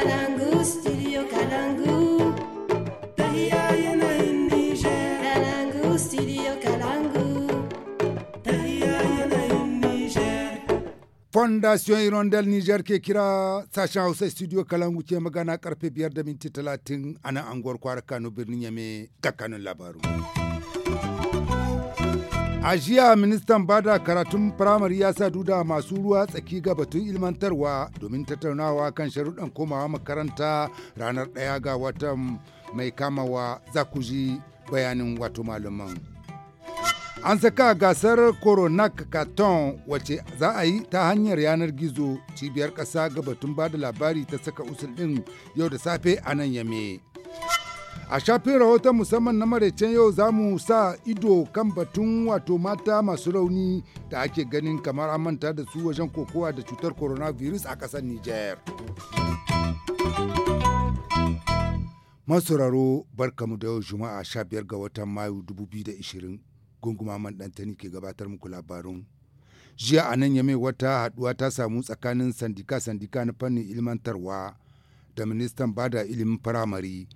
Kalangu, studio Fondation Irondel Niger ke kira sashen Hausa studio Kalangu ke magana karfe biyar da minti talatin a nan anguwar kwara Kano birnin Yame ga kanun labaru. A jiya ministan bada karatun firamare ya sa duda masu ruwa tsaki ga batun ilmantarwa domin tattaunawa kan sharuɗan komawa makaranta ranar ɗaya ga watan mai kamawa za ku ji bayanin wato malaman. An saka gasar koronak katon wace za a yi ta hanyar yanar gizo cibiyar ƙasa ga batun da labari ta saka usul ɗin yau da safe a nan yame. A shafin rahoton musamman na maraicen yau za mu sa ido kan batun wato mata masu rauni da ake ganin kamar an manta da su wajen kokowa da cutar coronavirus a ƙasar Nijar. Masauraro barkamu da yau Juma'a 15 ga watan Mayu 2020 gunguma man ɗantani ke gabatar muku labarun. Jiya a nan mai wata haɗuwa ta samu tsakanin sandika-sandika na fannin ilmantarwa da ministan bada ilimin firamare.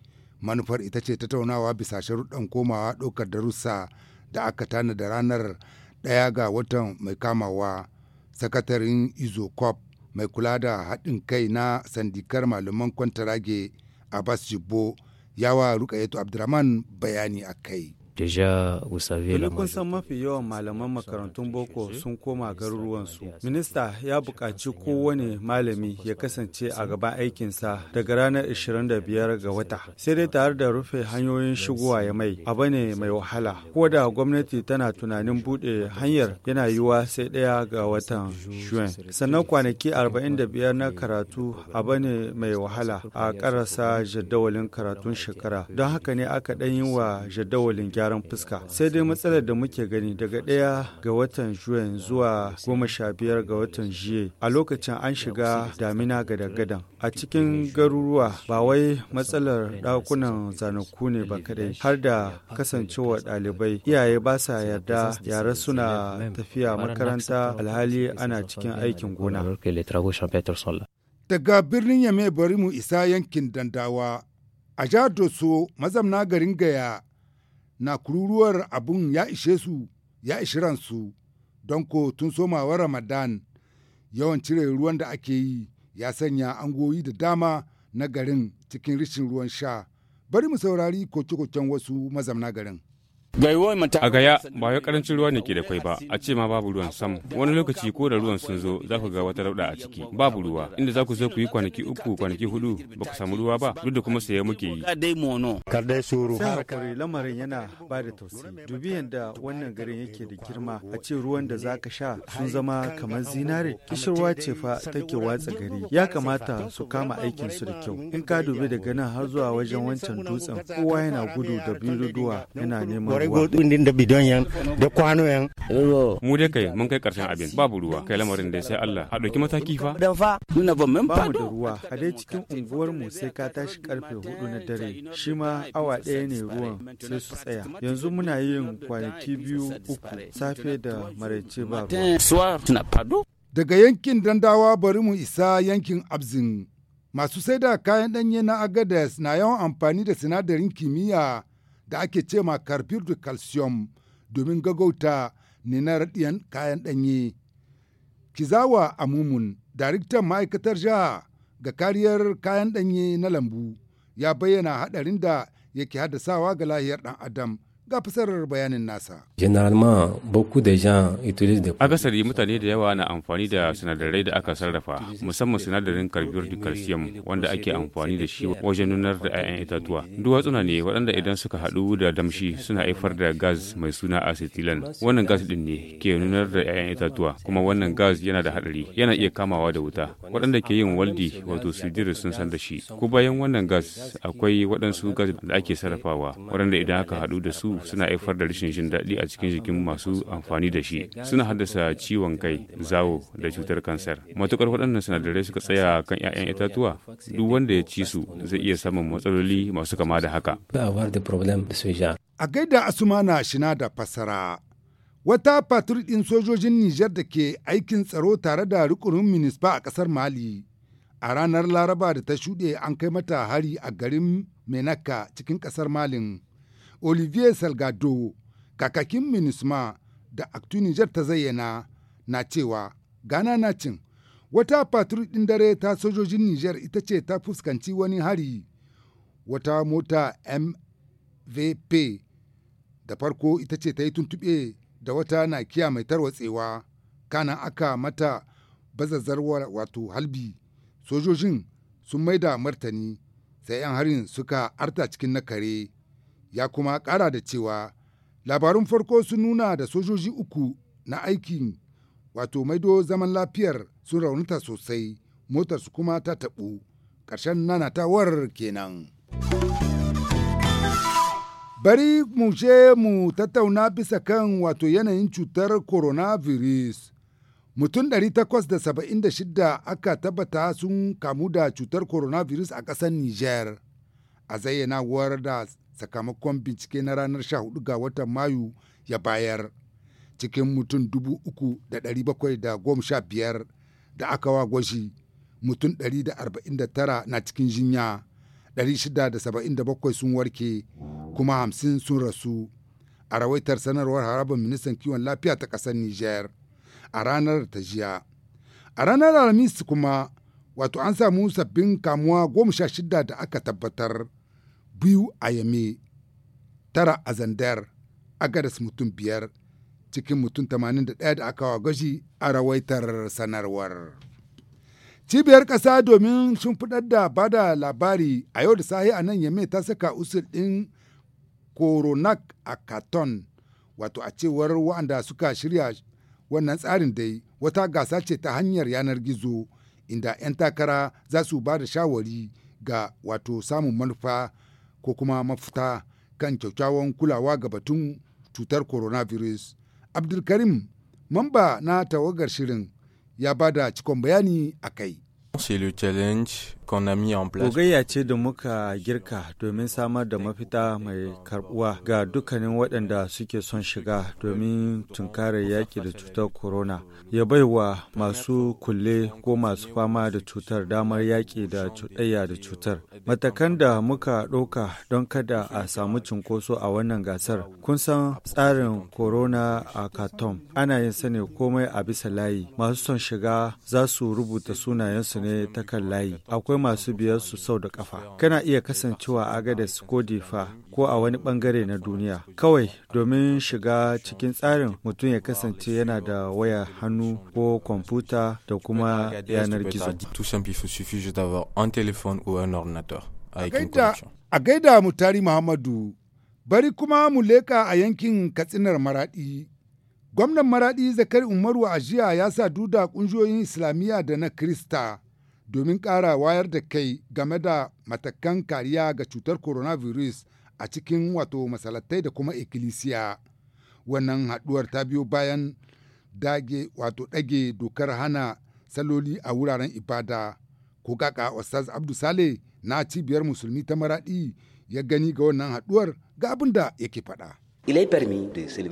manufar ita ce tattaunawa bisa sharuɗan komawa ɗaukar darussa da aka tana da ranar ɗaya ga watan mai kamawa sakatarin izocop mai kula da haɗin kai na sandikar malaman kwantarage abbas jibbo yawa rukayetu abdurrahman bayani a kai Deja, vous savez, kun san mafi yawan malaman makarantun boko sun koma garuruwansu. Minista ya buƙaci kowane malami ya kasance a gaban aikinsa daga ranar 25 ga wata. Sai dai tare da rufe hanyoyin shigowa ya mai, abu ne mai wahala. Ko da gwamnati tana tunanin buɗe hanyar yana yiwuwa sai ɗaya ga watan Juin. Sannan kwanaki 45 na karatu abu ne mai wahala a ƙarasa jadawalin karatun shekara. Don haka ne aka ɗan yi wa jadawalin gyara. gyaran fuska sai dai matsalar da muke gani daga ɗaya ga watan juyen zuwa goma sha biyar ga watan jiye a lokacin an shiga damina gada gadan a cikin garuruwa ba wai matsalar ɗakunan zanaku ne ba kadai har da kasancewa ɗalibai iyaye ba sa yarda yara suna tafiya makaranta alhali ana cikin aikin gona daga birnin yame bari mu isa yankin dandawa a jihar doso mazamna garin gaya na kururuwar abun ya ishe su ya ishi ransu don ko tun somawar Ramadan yawan cire ruwan da ake yi ya sanya angoyi da dama na garin cikin rishin ruwan sha. Bari mu saurari koke-koken wasu mazamna garin. A gaya ba ya karancin ruwa ne ke da kwai ba, a ce ma babu ruwan sam. Wani lokaci ko da ruwan sun zo za ku ga wata rauda a ciki, babu ruwa, inda za ku zo ku yi kwanaki uku kwanaki hudu ba ku samu ruwa ba, duk da kuma saye muke yi. Kardai suru. kare lamarin yana ba da tausayi. Dubi yadda wannan garin yake da girma, a ce ruwan da za ka sha sun zama kamar zinare, kishirwa ce fa take watsa gari. Ya kamata su kama aikin su da kyau. In ka dubi daga nan har zuwa wajen wancan dutsen, kowa yana gudu da biruduwa yana neman da bidon yan da kwano yan mu dai kai mun kai karshen abin babu ruwa kai lamarin dai sai Allah a dauki mataki fa dan fa nuna ba mun ba da ruwa a dai cikin unguwar mu sai ka tashi karfe 4 na dare shi ma awa daya ne ruwan sai su tsaya yanzu muna yin kwanaki biyu uku safe da maraice ba ruwa daga yankin dandawa bari mu isa yankin abzin masu sai da kayan danye na agadas na yawan amfani da sinadarin kimiyya da ake ce ma carbure da calcium domin gagauta ninar ɗiyan kayan ɗanye. Kizawa Amumun, daraktan ma'aikatar jiha ga kariyar kayan ɗanye na lambu, ya bayyana haɗarin da yake haddasawa ga lahiyar ɗan Adam ga fasarar bayanin nasa. Akasari mutane da yawa na amfani da sinadarai da aka sarrafa musamman sinadarin carbure de calcium wanda ake amfani da shi wajen nunar da 'ya'yan itatuwa. Duwatsuna ne waɗanda idan suka haɗu da damshi suna haifar da gas mai suna acetylene. Wannan gas din ne ke nunar da 'ya'yan itatuwa kuma wannan gas yana da haɗari yana iya kamawa da wuta. Waɗanda ke yin waldi wato sujiri sun san da shi. Ko bayan wannan gas akwai waɗansu gas da ake sarrafawa waɗanda idan aka haɗu da su suna haifar da rashin jin daɗi a cikin jikin masu amfani da shi suna haddasa ciwon kai zawo da cutar kansar matukar waɗannan sinadarai suka tsaya kan 'ya'yan itatuwa duk wanda ya ci su zai iya samun matsaloli masu kama da haka a gaida asumana shina da fassara wata fatur ɗin sojojin nijar da ke aikin tsaro tare da rukunin minisba a ƙasar mali a ranar laraba da ta shuɗe an kai mata hari a garin menaka cikin ƙasar malin olivier salgado kakakin minisma da aktu nijar ta zayyana na cewa ghana na cin wata fatur ɗin dare ta sojojin niger ita ce ta fuskanci wani hari wata mota mvp da farko ita ce ta yi tuntuɓe da wata nakiya mai tarwatsewa kana aka mata bazazzarwar wato halbi sojojin sun maida martani sai 'yan harin suka arta cikin na kare ya kuma ƙara da cewa labarun farko sun nuna da sojoji uku na aikin wato maido zaman lafiyar sun raunuta sosai motarsu kuma ta taɓu ƙarshen nanatawar kenan. Bari mu je mu tattauna bisa kan wato yanayin cutar coronavirus. Mutum 876 aka tabbata sun kamu da cutar coronavirus a ƙasar Nijar, a zayyanawar da sakamakon bincike na ranar 14 ga watan mayu ya bayar cikin mutum 3,715 da aka wa gwashi mutum 149 na cikin jinya 677 sun warke kuma 50 sun rasu a rawaitar sanarwar harabar ministan kiwon lafiya ta ƙasar niger a ranar ta jiya a ranar alhamis kuma wato an samu sabbin kamuwa 16 da aka tabbatar biyu a yame tara a zandar agadas mutum biyar cikin mutum 81 da aka wa gwaji a rawaitar sanarwar. Cibiyar ƙasa domin shimfiɗar da bada labari a yau da sahi a nan yame ta saka usul ɗin Coronac a Katon, wato a cewar waanda suka shirya wannan tsarin dai wata gasa ce ta hanyar yanar gizo inda 'yan takara za su ba da shawari ga wato samun manufa ko kuma mafita kan kyaukyawan kulawa ga batun cutar coronavirus. Abdulkarim, mamba na tawagar shirin, ya bada cikon bayani a kai. qu'on Gogayya ce da muka girka domin samar da mafita mai karbuwa ga dukkanin waɗanda suke son shiga domin tunkarar yaƙi da cutar corona. Ya baiwa masu kulle ko masu fama da cutar damar yaƙi da cuɗayya da cutar. Matakan da muka ɗauka don kada a samu cunkoso a wannan gasar. Kun san tsarin corona a Katom. Ana yin sani komai a bisa layi. Masu son shiga za su rubuta sunayensu ne ta kan layi. Akwai akwai masu biyar su sau da kafa kana iya kasancewa agadas ko difa ko a wani bangare na duniya kawai domin shiga cikin tsarin mutum ya kasance yana da waya hannu ko kwamfuta da kuma yanar gizo a gaida tari muhammadu bari kuma mu leka a yankin katsinar maradi gwamnan maradi zakari umaru a jiya ya sa duda kungiyoyin islamiyya da na krista domin ƙara wayar da kai game da matakan kariya ga cutar coronavirus a cikin wato masalatai da kuma ikkilisiya. Wannan haɗuwar ta biyo bayan dage wato ɗage dokar hana saloli a wuraren ibada. Ko kaka ostaz Abdu Sale na cibiyar musulmi ta maraɗi ya gani ga wannan haɗuwar ga abin da yake faɗa.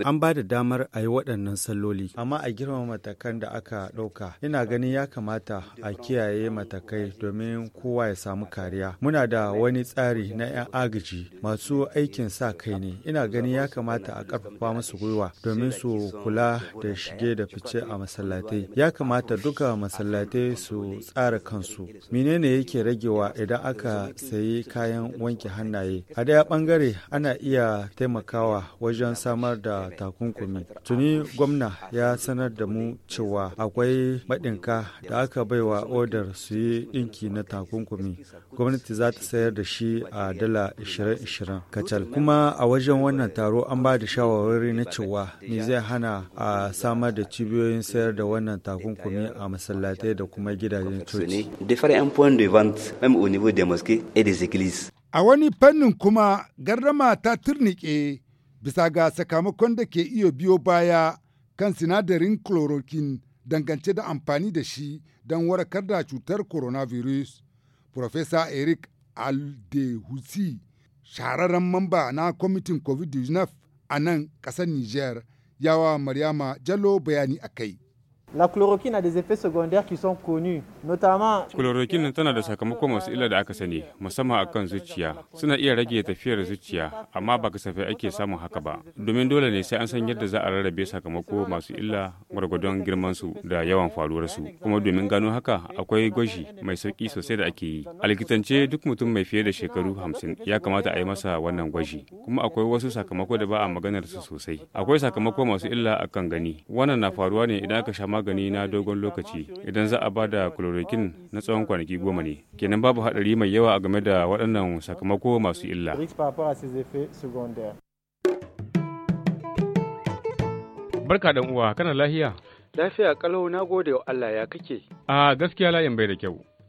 An ba da damar a yi waɗannan salloli, amma a girma matakan da aka ɗauka. Ina ganin ya kamata a kiyaye matakai domin kowa ya samu kariya. Muna da wani tsari na 'yan agaji masu aikin sa kai ne. Ina ganin ya kamata a ƙarfafa musu gwiwa domin su kula da shige da fice a masallatai. Ya kamata duka masallatai su tsara kansu. Menene yake ragewa idan aka sayi kayan wanke hannaye? A daya ɓangare ana iya taimakawa wajen samar da takunkumi Tuni gwamna ya sanar da mu cewa akwai maɗinka da aka baiwa odar su yi ɗinki na takunkumi. Gwamnati za ta sayar da shi a dala 20-20 kacal. Kuma a wajen wannan taro an ba da shawarwari na cewa me zai hana a samar da cibiyoyin sayar da wannan takunkumi a masallatai da kuma gidajen coci. A wani fannin kuma gardama ta turnike bisa ga sakamakon da ke iya biyo baya kan sinadarin chloroquine dangance da amfani da shi don warakar da cutar coronavirus. Profesa Eric Aldehusi, shahararren mamba na kwamitin COVID-19 a nan ƙasar Niger, yawa Maryama Jallo bayani a kai. La chloroquine a des effets secondaires qui sont connus, notamment Chloroquine tana da sakamako masu illa da aka sani, musamman akan zuciya. Suna iya rage tafiyar zuciya, amma ba kasafai ake samun haka ba. Domin dole ne sai an san yadda za a rarrabe sakamako masu illa gwargwadon girman su da yawan faruwar su. Kuma domin gano haka, akwai gwaji mai sauƙi sosai da ake yi. A likitance duk mutum mai fiye da shekaru hamsin ya kamata a yi masa wannan gwaji. Kuma akwai wasu sakamako da ba a maganar su sosai. Akwai sakamako masu illa a kan gani. Wannan na faruwa ne idan aka sha magani na dogon lokaci idan za a ba da chloroquine na tsawon kwanaki goma ne kenan babu haɗari mai yawa a game da waɗannan sakamako masu illa barka dan uwa kana lahiya lafiya kalau na gode wa Allah ya kake a gaskiya layin bai da kyau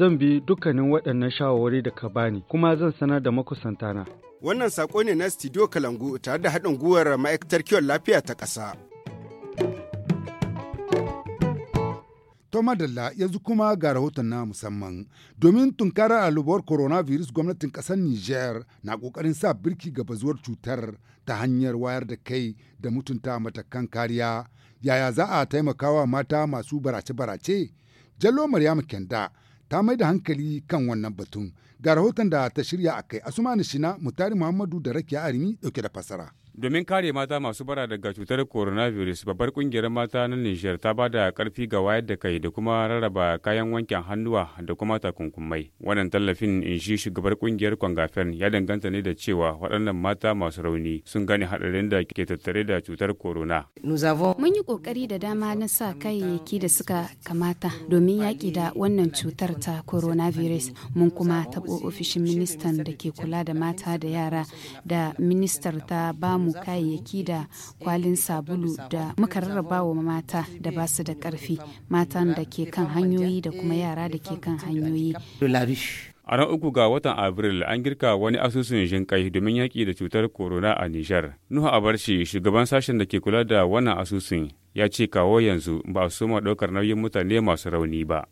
zan bi dukkanin waɗannan shawarwari da ka bani kuma zan sanar da makusantana. Wannan saƙo ne na Studio Kalangu tare da haɗin gwiwar ma'aikatar kiwon lafiya ta ƙasa. Toma Dalla yanzu kuma ga rahoton na musamman. Domin tunkarar alubar coronavirus gwamnatin ƙasar Niger na ƙoƙarin sa birki ga bazuwar cutar ta hanyar wayar da kai da mutunta matakan kariya. Yaya za a taimakawa mata masu barace-barace? Jallo Maryam Kenda ta mai da hankali kan wannan batun. Ga rahoton da ta shirya a kai Asumani Shina, Mutari Muhammadu da Rakiya Arimi dauke da fasara. Domin kare mata masu bara daga cutar coronavirus, babbar kungiyar mata na Nijar ta ba da karfi ga wayar da kai da kuma rarraba kayan wankin hannuwa da kuma takunkumai. Wannan tallafin in shi shugabar kungiyar Kwangafen ya danganta ne da cewa waɗannan mata masu rauni sun gane haɗarin da ke tattare da cutar corona. Mun yi ƙoƙari da dama na sa kayayyaki da suka kamata domin yaƙi da wannan cutar ta coronavirus. Mun kuma taɓo ofishin ministan da ke kula da mata da yara da ministar ta bamu kayayyaki da kwalin sabulu da muka rarraba wa mata da ba su da karfi matan da ke kan hanyoyi da kuma yara da ke kan hanyoyi a ran uku ga watan abril an girka wani asusun jinƙai domin yaƙi da cutar corona a nijar nuhu abarshi shugaban sashen da ke kula da wannan asusun ya ce kawo yanzu ba su ma ɗaukar nauyin mutane masu rauni ba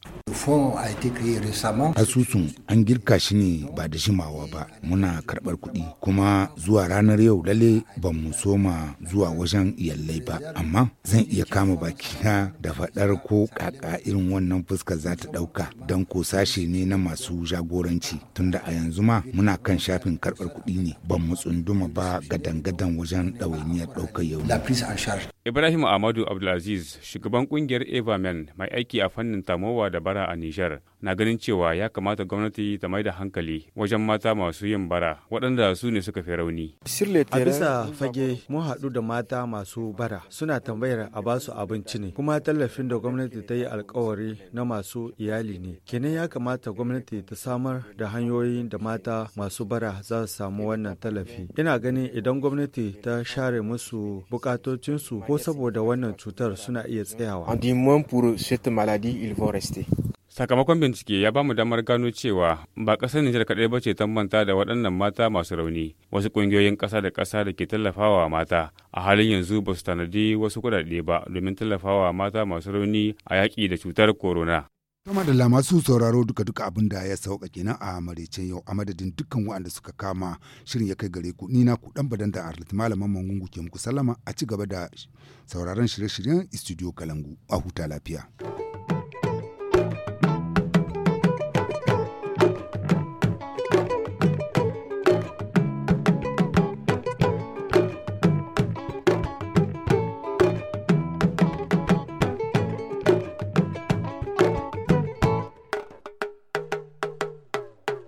a été créé récemment. Asusun an girka shi ne ba da jimawa ba muna karɓar kuɗi kuma zuwa ranar yau lalle ba mu soma zuwa wajen iyalai ba amma zan iya kama baki na da faɗar ko kaka irin wannan fuska za ta ɗauka don ko sashe ne na masu jagoranci tunda a yanzu ma muna kan shafin karɓar kuɗi ne ban mu tsunduma ba gadan-gadan wajen ɗawainiyar ɗaukar yau. Ibrahim Ahmadu Abdulaziz, shugaban kungiyar Everman mai aiki a fannin tamowa da bara a Nijar, na ganin cewa ya kamata gwamnati ta mai da hankali wajen mata masu yin bara waɗanda su ne suka fi rauni. A bisa fage mun haɗu da mata masu bara suna tambayar a ba su abinci ne, kuma tallafin da gwamnati ta yi alkawari na masu iyali ne. Kenan ya kamata gwamnati ta samar da hanyoyin da mata masu bara za su samu wannan tallafi. Ina ganin idan gwamnati ta share musu bukatocinsu ko saboda wannan cutar suna iya tsayawa. Sakamakon bincike ya bamu damar gano cewa ba ƙasar Nijar kaɗai ba ce manta da waɗannan mata masu rauni. Wasu ƙungiyoyin ƙasa da ƙasa da ke tallafawa mata a halin yanzu ba su tanadi wasu kuɗaɗe ba domin tallafawa mata masu rauni a yaƙi da cutar corona. kama da masu sauraro duka-duka abin da ya sauka kenan a maraicen yau a madadin dukkan waɗanda suka kama shirin ya kai gare ku ni na ku dan badan da arlit malaman mangungu ke muku sallama a ci gaba da sauraron shirye-shiryen studio kalangu a huta lafiya.